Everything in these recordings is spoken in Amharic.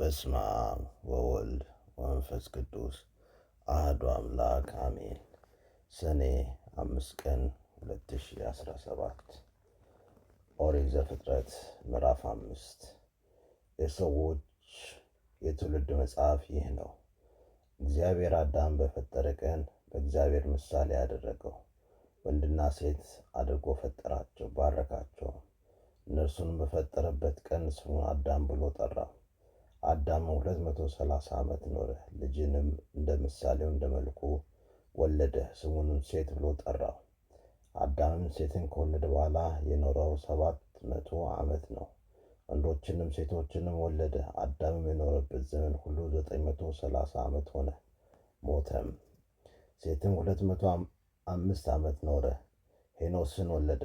በስመ አብ ወወልድ ወመንፈስ ቅዱስ አህዱ አምላክ አሜን። ሰኔ አምስት ቀን 2017 ኦሪት ዘፍጥረት ምዕራፍ አምስት የሰዎች የትውልድ መጽሐፍ ይህ ነው። እግዚአብሔር አዳም በፈጠረ ቀን በእግዚአብሔር ምሳሌ ያደረገው ወንድና ሴት አድርጎ ፈጠራቸው፣ ባረካቸው። እነርሱንም በፈጠረበት ቀን ስሙን አዳም ብሎ ጠራው። አዳም ሁለት መቶ ዓመት ኖረ። ልጅንም እንደ ምሳሌው እንደ መልኩ ወለደ። ስሙንም ሴት ብሎ ጠራው። አዳምም ሴትን ከወለደ በኋላ የኖረው ሰባት መቶ ዓመት ነው። ወንዶችንም ሴቶችንም ወለደ። አዳምም የኖረበት ዘመን ሁሉ 930 ዓመት ሆነ፣ ሞተም። ሴትም ሁለት መቶ አምስት ዓመት ኖረ፣ ሄኖስን ወለደ።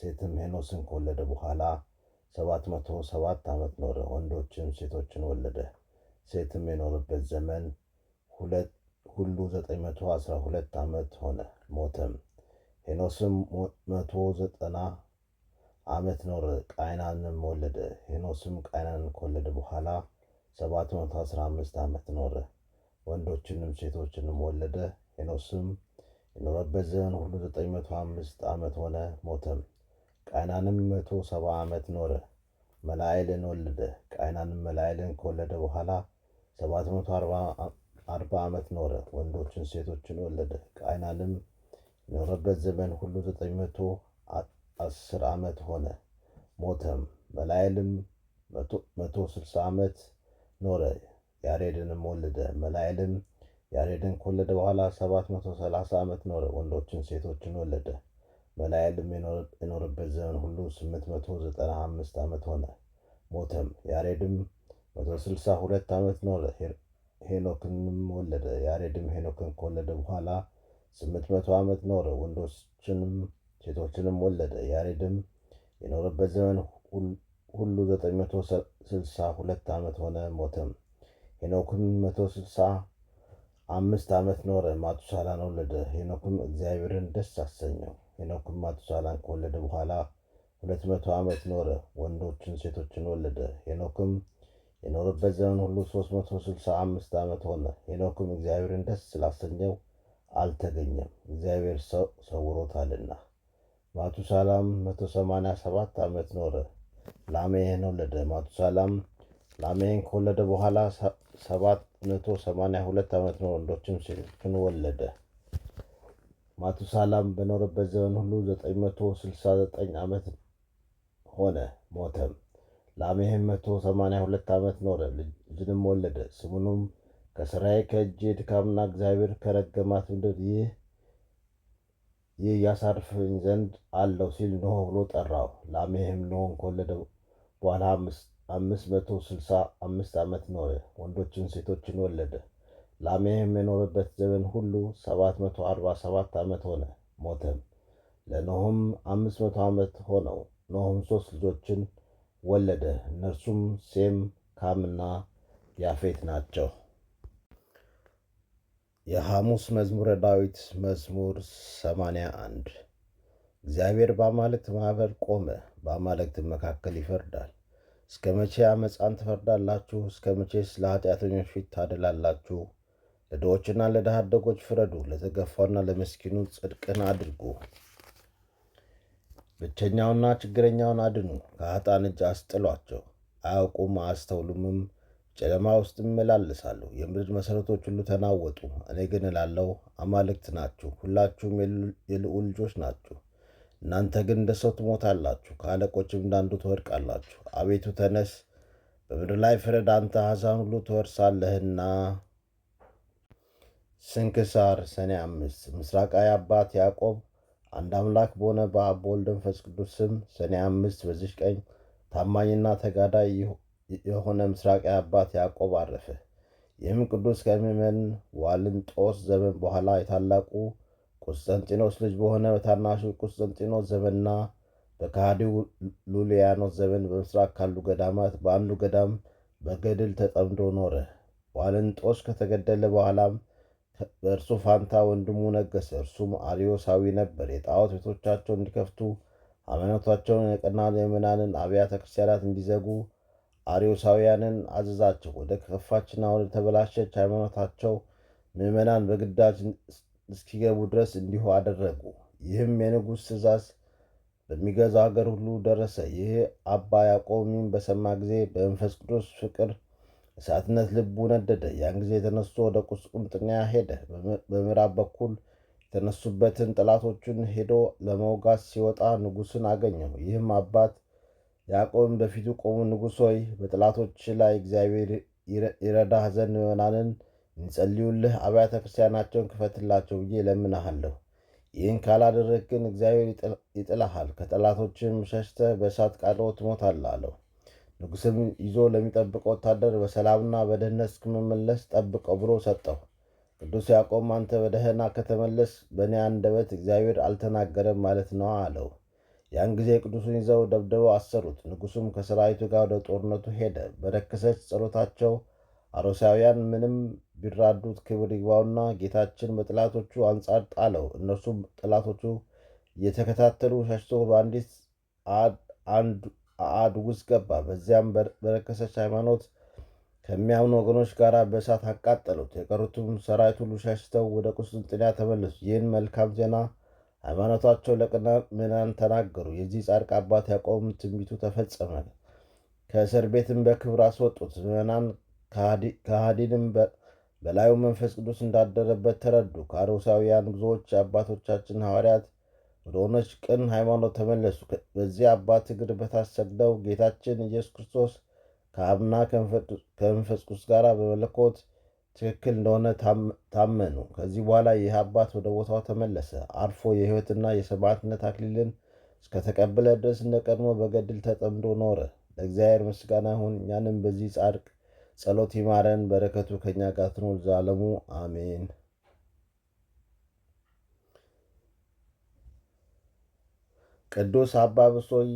ሴትም ሄኖስን ከወለደ በኋላ ሰባት መቶ ሰባት ዓመት ኖረ፣ ወንዶችን ሴቶችን ወለደ። ሴትም የኖረበት ዘመን ሁሉ ዘጠኝ መቶ አስራ ሁለት ዓመት ሆነ፣ ሞተም። ሄኖስም መቶ ዘጠና ዓመት ኖረ፣ ቃይናንም ወለደ። ሄኖስም ቃይናንን ከወለደ በኋላ ሰባት መቶ አስራ አምስት ዓመት ኖረ፣ ወንዶችንም ሴቶችንም ወለደ። ሄኖስም የኖረበት ዘመን ሁሉ ዘጠኝ መቶ አምስት ዓመት ሆነ፣ ሞተም። ቃይናንም መቶ ሰባ ዓመት ኖረ፣ መላኤልን ወለደ። ቃይናንም መላኤልን ከወለደ በኋላ ሰባት መቶ አርባ ዓመት ኖረ፣ ወንዶችን ሴቶችን ወለደ። ቃይናንም የኖረበት ዘመን ሁሉ ዘጠኝ መቶ አስር ዓመት ሆነ፣ ሞተም። መላኤልም መቶ ስልሳ ዓመት ኖረ፣ ያሬድንም ወለደ። መላኤልም ያሬድን ከወለደ በኋላ ሰባት መቶ ሰላሳ ዓመት ኖረ፣ ወንዶችን ሴቶችን ወለደ። በናይልም የኖረበት ዘመን ሁሉ ስምንት መቶ ዘጠና አምስት ዓመት ሆነ፣ ሞተም። ያሬድም መቶ ስልሳ ሁለት ዓመት ኖረ፣ ሄኖክንም ወለደ። ያሬድም ሄኖክን ከወለደ በኋላ ስምንት መቶ ዓመት ኖረ፣ ወንዶችንም ሴቶችንም ወለደ። ያሬድም የኖረበት ዘመን ሁሉ ዘጠኝ መቶ ስልሳ ሁለት ዓመት ሆነ፣ ሞተም። ሄኖክም መቶ ስልሳ አምስት ዓመት ኖረ፣ ማቱሳላን ወለደ። ሄኖክም እግዚአብሔርን ደስ አሰኘው። ሄኖክም ማቱሳላን ከወለደ በኋላ ሁለት መቶ ዓመት ኖረ፣ ወንዶችን ሴቶችን ወለደ። ሄኖክም የኖረበት ዘመን ሁሉ ሦስት መቶ ስልሳ አምስት ዓመት ሆነ። ሄኖክም እግዚአብሔርን ደስ ስላሰኘው አልተገኘም፣ እግዚአብሔር ሰውሮታልና። ማቱሳላም መቶ ሰማንያ ሰባት ዓመት ኖረ፣ ላሜህን ወለደ። ማቱሳላም ላሜህን ከወለደ በኋላ ሰባት መቶ ሰማንያ ሁለት ዓመት ኖረ፣ ወንዶችን ሴቶችን ወለደ። ማቱሳላም በኖረበት ዘመን ሁሉ 969 ዓመት ሆነ ሞተም። ላሜህ 182 ዓመት ኖረ ልጅንም ወለደ። ስሙንም ከስራይ፣ ከእጄ ድካምና እግዚአብሔር ከረገማት ምድር ይህ ይህ ያሳርፈኝ ዘንድ አለው ሲል ኖሆ ብሎ ጠራው። ላሜህም ኖህን ከወለደ በኋላ 565 ዓመት ኖረ ወንዶችን ሴቶችን ወለደ። ላሜህም የኖረበት ዘመን ሁሉ 747 ዓመት ሆነ፣ ሞተም። ለኖህም 500 ዓመት ሆነው። ኖህም ሦስት ልጆችን ወለደ። እነርሱም ሴም፣ ካምና ያፌት ናቸው። የሐሙስ መዝሙረ ዳዊት መዝሙር 81 እግዚአብሔር በአማልክት ማኅበር ቆመ፣ በአማልክት መካከል ይፈርዳል። እስከ መቼ ዓመፃን ትፈርዳላችሁ? እስከ መቼ ስለ ኃጢአተኞች ፊት ታደላላችሁ? ለድሆችና ለድሃ አደጎች ፍረዱ፣ ለተገፋውና ለምስኪኑ ጽድቅን አድርጉ። ብቸኛውና ችግረኛውን አድኑ፣ ከኃጥአን እጅ አስጥሏቸው። አያውቁም አያስተውሉምም፣ ጨለማ ውስጥ ይመላለሳሉ። የምድር መሠረቶች ሁሉ ተናወጡ። እኔ ግን እላለሁ አማልክት ናችሁ፣ ሁላችሁም የልዑል ልጆች ናችሁ። እናንተ ግን እንደ ሰው ትሞታላችሁ፣ ከአለቆችም እንዳንዱ ትወድቃላችሁ። አቤቱ ተነስ፣ በምድር ላይ ፍረድ፣ አንተ አሕዛብን ሁሉ ትወርሳለህና። ስንክሳር ሰኔ አምስት ምስራቃዊ አባት ያዕቆብ አንድ አምላክ በሆነ በአብ በወልድ በመንፈስ ቅዱስ ስም ሰኔ አምስት በዚች ቀን ታማኝና ተጋዳይ የሆነ ምስራቃዊ አባት ያዕቆብ አረፈ። ይህም ቅዱስ ከምዕመን ዋልንጦስ ዘመን በኋላ የታላቁ ቁስጠንጢኖስ ልጅ በሆነ በታናሹ ቁስጠንጢኖስ ዘመንና በካሃዴው ሉሊያኖስ ዘመን በምስራቅ ካሉ ገዳማት በአንዱ ገዳም በገድል ተጠምዶ ኖረ። ዋልንጦስ ከተገደለ በኋላም በእርሱ ፋንታ ወንድሙ ነገሰ እርሱም አሪዮሳዊ ነበር። የጣዖት ቤቶቻቸውን እንዲከፍቱ ሃይማኖታቸውን የቀና ምዕመናንን አብያተ ክርስቲያናት እንዲዘጉ አሪዮሳውያንን አዘዛቸው። ወደ ከፋችና ወደ ተበላሸች ሃይማኖታቸው ምዕመናን በግዳጅ እስኪገቡ ድረስ እንዲሁ አደረጉ። ይህም የንጉሥ ትእዛዝ በሚገዛው ሀገር ሁሉ ደረሰ። ይህ አባ ያዕቆብ ሚም በሰማ ጊዜ በመንፈስ ቅዱስ ፍቅር እሳትነት ልቡ ነደደ። ያን ጊዜ ተነስቶ ወደ ቁስጥንጥንያ ሄደ። በምዕራብ በኩል የተነሱበትን ጠላቶቹን ሄዶ ለመውጋት ሲወጣ ንጉሥን አገኘው። ይህም አባት ያዕቆብን በፊቱ ቆሙ። ንጉሥ ሆይ በጠላቶች ላይ እግዚአብሔር ይረዳህ ዘንድ ምዕመናንን እንጸልዩልህ አብያተ ክርስቲያናቸውን ክፈትላቸው ብዬ ለምናሃለሁ። ይህን ካላደረግ ግን እግዚአብሔር ይጥልሃል፣ ከጠላቶችም ሸሽተህ በእሳት ቃጠሎ ትሞታለህ አለው። ንጉሥም ይዞ ለሚጠብቀው ወታደር በሰላምና በደህንነት እስክመመለስ ጠብቀው ብሎ ሰጠው። ቅዱስ ያዕቆብ አንተ በደህና ከተመለስ በእኔ አንደበት እግዚአብሔር አልተናገረም ማለት ነው አለው። ያን ጊዜ ቅዱሱን ይዘው ደብድበው አሰሩት። ንጉሱም ከሰራዊቱ ጋር ወደ ጦርነቱ ሄደ። በረከሰች ጸሎታቸው አሮሳውያን ምንም ቢራዱት ክብር ይግባውና ጌታችን በጠላቶቹ አንጻር ጣለው። እነሱም ጠላቶቹ እየተከታተሉ ሸሽቶ በአንዲት አአድ ውስጥ ገባ። በዚያም በረከሰች ሃይማኖት ከሚያምኑ ወገኖች ጋር በእሳት አቃጠሉት። የቀሩትም ሰራዊት ሁሉ ሸሽተው ወደ ቁስጥንጥንያ ተመለሱ። ይህን መልካም ዜና ሃይማኖታቸው ለቅና ምናን ተናገሩ። የዚህ ጻድቅ አባት ያቆም ትንቢቱ ተፈጸመ። ከእስር ቤትም በክብር አስወጡት። ምናን ከሃዲንም በላዩ መንፈስ ቅዱስ እንዳደረበት ተረዱ። ከአሮሳውያን ብዙዎች አባቶቻችን ሐዋርያት ወደ ሆነች ቅን ሃይማኖት ተመለሱ። በዚህ አባት እግር በታች ሰግደው ጌታችን ኢየሱስ ክርስቶስ ከአብና ከመንፈስ ቅዱስ ጋር በመለኮት ትክክል እንደሆነ ታመኑ። ከዚህ በኋላ ይህ አባት ወደ ቦታው ተመለሰ። አርፎ የሕይወትና የሰማዕትነት አክሊልን እስከተቀበለ ድረስ እንደ ቀድሞ በገድል ተጠምዶ ኖረ። ለእግዚአብሔር ምስጋና ይሁን። እኛንም በዚህ ጻድቅ ጸሎት ይማረን፣ በረከቱ ከእኛ ጋር ትኑር ዘላለሙ አሜን። ቅዱስ አባ ብሶይ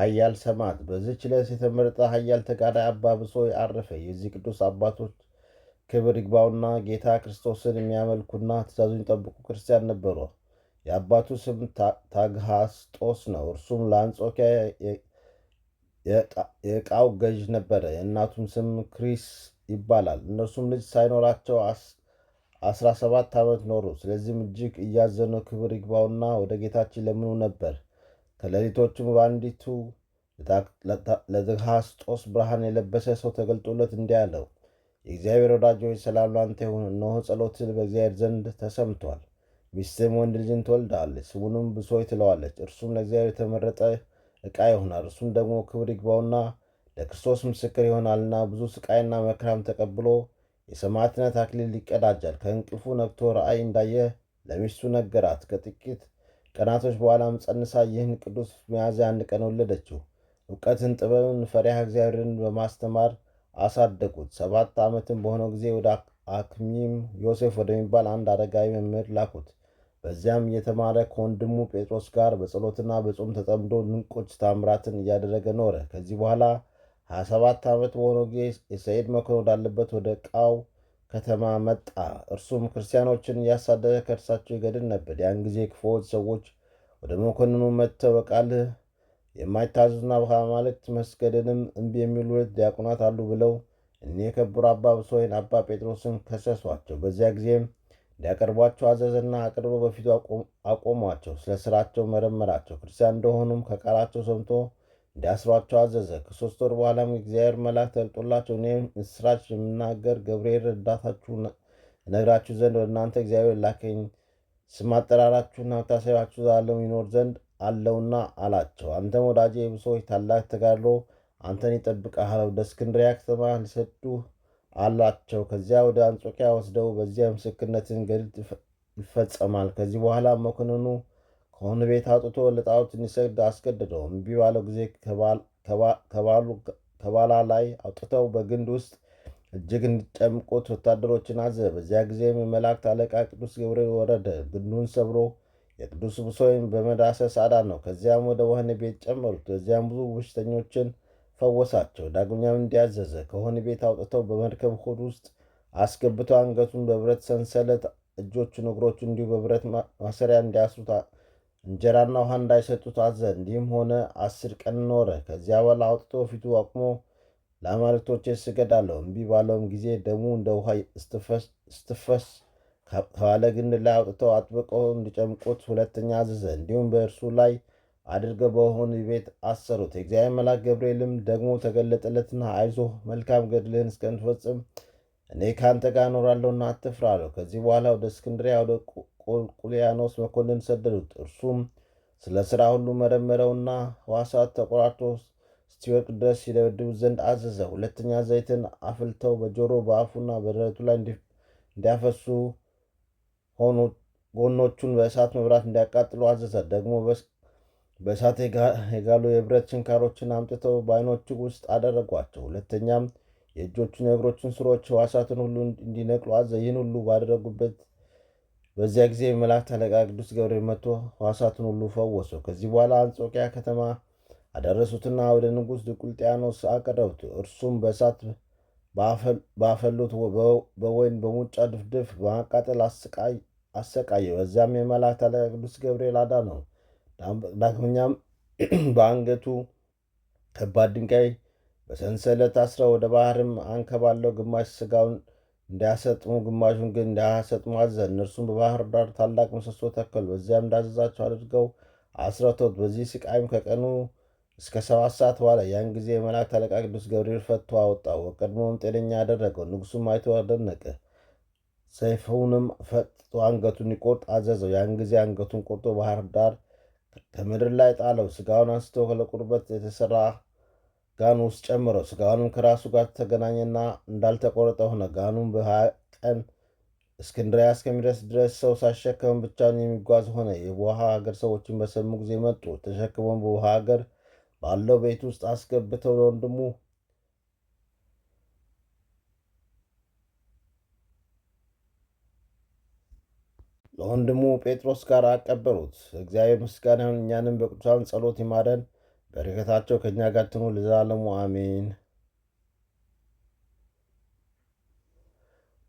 ኃያል ሰማዕት። በዚች ዕለት የተመረጠ ኃያል ተጋዳይ አባ ብሶይ አረፈ። የዚህ ቅዱስ አባቶች ክብር ይግባውና ጌታ ክርስቶስን የሚያመልኩና ትእዛዙን የሚጠብቁ ክርስቲያን ነበሩ። የአባቱ ስም ታግሃስጦስ ነው። እርሱም ለአንጾኪያ የእቃው ገዥ ነበረ። የእናቱም ስም ክሪስ ይባላል። እነርሱም ልጅ ሳይኖራቸው አስራ ሰባት ዓመት ኖሩ። ስለዚህም እጅግ እያዘኑ ክብር ይግባውና ወደ ጌታችን ለምኑ ነበር። ከሌሊቶቹም በአንዲቱ ለድርሃስጦስ ብርሃን የለበሰ ሰው ተገልጦለት እንዲህ አለው፣ የእግዚአብሔር ወዳጆች ሰላም ላንተ ይሁን። እነሆ ጸሎትህ በእግዚአብሔር ዘንድ ተሰምቷል። ሚስትህም ወንድ ልጅን ትወልዳለች፣ ስሙንም ብሶይ ትለዋለች። እርሱም ለእግዚአብሔር የተመረጠ ዕቃ ይሆናል። እርሱም ደግሞ ክብር ይግባውና ለክርስቶስ ምስክር ይሆናልና ብዙ ስቃይና መከራም ተቀብሎ የሰማዕትነት አክሊል ይቀዳጃል። ከእንቅልፉ ነቅቶ ራእይ እንዳየ ለሚስቱ ነገራት። ከጥቂት ቀናቶች በኋላም ጸንሳ ይህን ቅዱስ ሚያዝያ አንድ ቀን ወለደችው። እውቀትን፣ ጥበብን፣ ፈሪሃ እግዚአብሔርን በማስተማር አሳደጉት። ሰባት ዓመትም በሆነው ጊዜ ወደ አክሚም ዮሴፍ ወደሚባል አንድ አረጋዊ መምህር ላኩት። በዚያም እየተማረ ከወንድሙ ጴጥሮስ ጋር በጸሎትና በጾም ተጠምዶ ድንቆች ታምራትን እያደረገ ኖረ። ከዚህ በኋላ 27 ዓመት በሆነው ጊዜ የሰይድ መኮንን ወዳለበት ወደ ቃው ከተማ መጣ። እርሱም ክርስቲያኖችን እያሳደደ ከእርሳቸው ይገድል ነበር። ያን ጊዜ ክፉዎች ሰዎች ወደ መኮንኑ መጥተው በቃል የማይታዘዙና በአማልክት መስገድንም እምቢ የሚሉ ሁለት ዲያቆናት አሉ ብለው እኒህ የከበሩ አባ ብሶይን አባ ጴጥሮስን ከሰሷቸው። በዚያ ጊዜም እንዲያቀርቧቸው አዘዘና አቅርበው በፊቱ አቆሟቸው። ስለ ስራቸው መረመራቸው። ክርስቲያን እንደሆኑም ከቃላቸው ሰምቶ እንዲያስሯቸው አዘዘ። ከሶስት ወር በኋላም እግዚአብሔር መልአክ ተልጦላቸው። እኔ ምስራች የምናገር ገብርኤል ረዳታችሁ ነግራችሁ ዘንድ ወደ እናንተ እግዚአብሔር ላከኝ ስም አጠራራችሁና መታሰቢያችሁ ዘላለም ይኖር ዘንድ አለውና አላቸው። አንተም ወዳጄ የብሶች ታላቅ ተጋድሎ አንተን ይጠብቅሃል። ወደ እስክንድሪያ ከተማ ሊሰዱ አላቸው። ከዚያ ወደ አንጾኪያ ወስደው በዚያ ምስክርነትን ገድል ይፈጸማል። ከዚህ በኋላ መኮንኑ ከሆነ ቤት አውጥቶ ለጣዖት እንዲሰግድ አስገደደው። እምቢ ባለው ጊዜ ከባላ ላይ አውጥተው በግንድ ውስጥ እጅግ እንዲጨምቁት ወታደሮችን አዘዘ። በዚያ ጊዜም የመላእክት አለቃ ቅዱስ ገብርኤል ወረደ፣ ግንዱን ሰብሮ የቅዱስ ብሶይን በመዳሰስ ነው። ከዚያም ወደ ወህኒ ቤት ጨመሩት። በዚያም ብዙ በሽተኞችን ፈወሳቸው። ዳግመኛም እንዲያዘዘ ከወህኒ ቤት አውጥተው በመርከብ ሆድ ውስጥ አስገብተው አንገቱን በብረት ሰንሰለት፣ እጆቹን እግሮቹን እንዲሁ በብረት ማሰሪያ እንዲያስሩት እንጀራና ውሃ እንዳይሰጡት አዘ እንዲህም ሆነ። አስር ቀን ኖረ። ከዚያ በኋላ አውጥቶ ፊቱ አቁሞ ለአማልክቶች ስገዳለሁ እምቢ ባለውም ጊዜ ደሙ እንደ ውሃ ስትፈስ ከባለ ግንድ ላይ አውጥተው አጥብቀው እንዲጨምቁት ሁለተኛ አዘዘ። እንዲሁም በእርሱ ላይ አድርገው በሆኑ ቤት አሰሩት። የእግዚአብሔር መልአክ ገብርኤልም ደግሞ ተገለጠለትና አይዞህ፣ መልካም ገድልህን እስከምትፈጽም እኔ ከአንተ ጋር እኖራለሁና አትፍራ አለው። ከዚህ በኋላ ወደ እስክንድሪያ ወደ ቁልቁልያኖስ መኮንን ሰደዱት። እርሱም ስለ ሥራ ሁሉ መረመረውና ሕዋሳት ተቆራርቶ እስቲወድቅ ድረስ ይደበድቡት ዘንድ አዘዘ። ሁለተኛ ዘይትን አፍልተው በጆሮ በአፉና በደረቱ ላይ እንዲያፈሱ ሆኑ። ጎኖቹን በእሳት መብራት እንዲያቃጥሉ አዘዘ። ደግሞ በእሳት የጋሉ የብረት ችንካሮችን አምጥተው በዓይኖቹ ውስጥ አደረጓቸው። ሁለተኛም የእጆቹን የእግሮቹን ስሮች ሕዋሳትን ሁሉ እንዲነቅሉ አዘ። ይህን ሁሉ ባደረጉበት በዚያ ጊዜ የመላእክት አለቃ ቅዱስ ገብርኤል መጥቶ ሕዋሳትን ሁሉ ፈወሰ። ከዚህ በኋላ አንጾቂያ ከተማ አደረሱትና ወደ ንጉሥ ድቁልጥያኖስ አቀረቡት። እርሱም በእሳት ባፈሉት በወይን በሙጫ ድፍድፍ በማቃጠል አሰቃየ። በዚያም የመላእክት አለቃ ቅዱስ ገብርኤል ነው። ዳግመኛም በአንገቱ ከባድ ድንጋይ በሰንሰለት አስረው ወደ ባህርም አንከባለው ግማሽ ስጋውን እንዳያሰጥሙ ግማሹን ግን እንዳያሰጥሙ አዘ እነርሱም በባህር ዳር ታላቅ ምሰሶ ተከሉ። በዚያም እንዳዘዛቸው አድርገው አስረቶት። በዚህ ስቃይም ከቀኑ እስከ ሰባት ሰዓት በኋላ ያን ጊዜ የመላእክት አለቃ ቅዱስ ገብርኤል ፈቶ አወጣው፣ ቀድሞውም ጤነኛ አደረገው። ንጉሱም አይቶ አደነቀ። ሰይፉንም ፈጥቶ አንገቱን ይቆርጥ አዘዘው። ያን ጊዜ አንገቱን ቆርጦ ባህር ዳር ከምድር ላይ ጣለው። ስጋውን አንስቶ ከለቁርበት የተሰራ ጋን ውስጥ ጨምሮ ስጋኑም ከራሱ ጋር ተገናኘና እንዳልተቆረጠ ሆነ። ጋኑም በሀያ ቀን እስክንድሪያ እስከሚደርስ ድረስ ሰው ሳሸከም ብቻውን የሚጓዝ ሆነ። የውሃ ሀገር ሰዎችን በሰሙ ጊዜ መጡ። ተሸክሞም በውሃ ሀገር ባለው ቤት ውስጥ አስገብተው ለወንድሙ ለወንድሙ ጴጥሮስ ጋር አቀበሉት። እግዚአብሔር ምስጋና ይሁን፣ እኛንም በቅዱሳን ጸሎት ይማረን። በረከታቸው ከእኛ ጋር ትኑር ለዘላለሙ አሜን።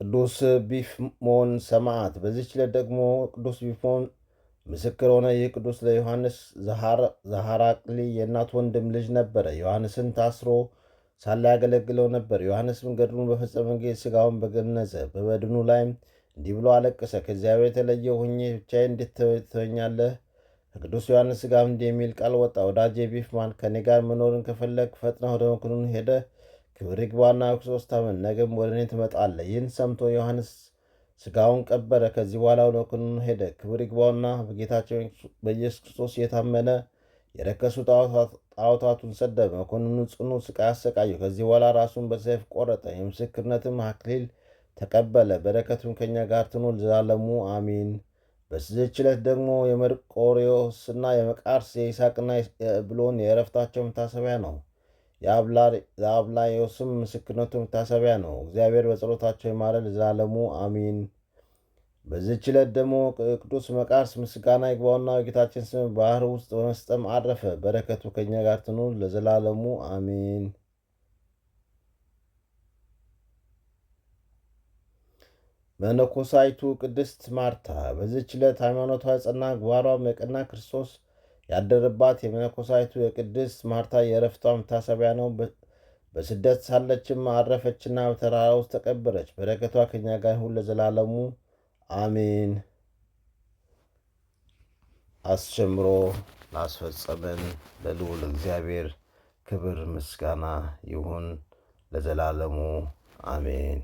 ቅዱስ ቢፍሞን ሰማዕት። በዚች ዕለት ደግሞ ቅዱስ ቢፍሞን ምስክር ሆነ። ይህ ቅዱስ ለዮሐንስ ዘሐራቅሊ የእናት ወንድም ልጅ ነበረ። ዮሐንስን ታስሮ ሳለ ያገለግለው ነበር። ዮሐንስም ገድሉን በፈጸመ ጊዜ ሥጋውን በገነዘ፣ በበድኑ ላይም እንዲህ ብሎ አለቀሰ። ከእግዚአብሔር የተለየ ሁኜ ብቻዬን እንዴት ትተወኛለህ? ከቅዱስ ዮሐንስ ጋር እንዲህ የሚል ቃል ወጣ። ወዳጄ ቢፍማን ከእኔ ጋር መኖርን ከፈለግ ፈጥነህ ወደ መኮንኑ ሄደ ክብር ይግባውና ክርስቶስ ታመን፣ ነገም ወደ እኔ ትመጣለህ። ይህን ሰምቶ ዮሐንስ ስጋውን ቀበረ። ከዚህ በኋላ ወደ መኮንኑ ሄደ። ክብር ይግባውና በጌታቸው በኢየሱስ ክርስቶስ የታመነ የረከሱ ጣዖታቱን ሰደበ። መኮንኑ ጽኑ ስቃይ አሰቃዩ። ከዚህ በኋላ ራሱን በሰይፍ ቆረጠ። የምስክርነትም አክሊል ተቀበለ። በረከቱን ከእኛ ጋር ትኖር ዘላለሙ አሚን። በዚህች ዕለት ደግሞ የመርቆሬዎስና የመቃርስ የይስሐቅና የብሎን የእረፍታቸው መታሰቢያ ነው። የአብላዮስም ምስክርነቱ መታሰቢያ ነው። እግዚአብሔር በጸሎታቸው ይማረ ለዘላለሙ አሚን። በዚህች ዕለት ደግሞ ቅዱስ መቃርስ ምስጋና ይግባውና በጌታችን ስም ባህር ውስጥ በመስጠም አረፈ። በረከቱ ከኛ ጋር ትኑ ለዘላለሙ አሚን። መነኮሳይቱ ቅድስት ማርታ በዚች ዕለት ሃይማኖቷ የጸና ምግባሯም የቀና ክርስቶስ ያደረባት የመነኮሳይቱ የቅድስት ማርታ የእረፍቷ መታሰቢያ ነው። በስደት ሳለችም አረፈችና በተራራ ውስጥ ተቀበረች። በረከቷ ከኛ ጋር ይሁን ለዘላለሙ አሜን። አስጀምሮ ላስፈጸመን ለልዑል እግዚአብሔር ክብር ምስጋና ይሁን ለዘላለሙ አሜን።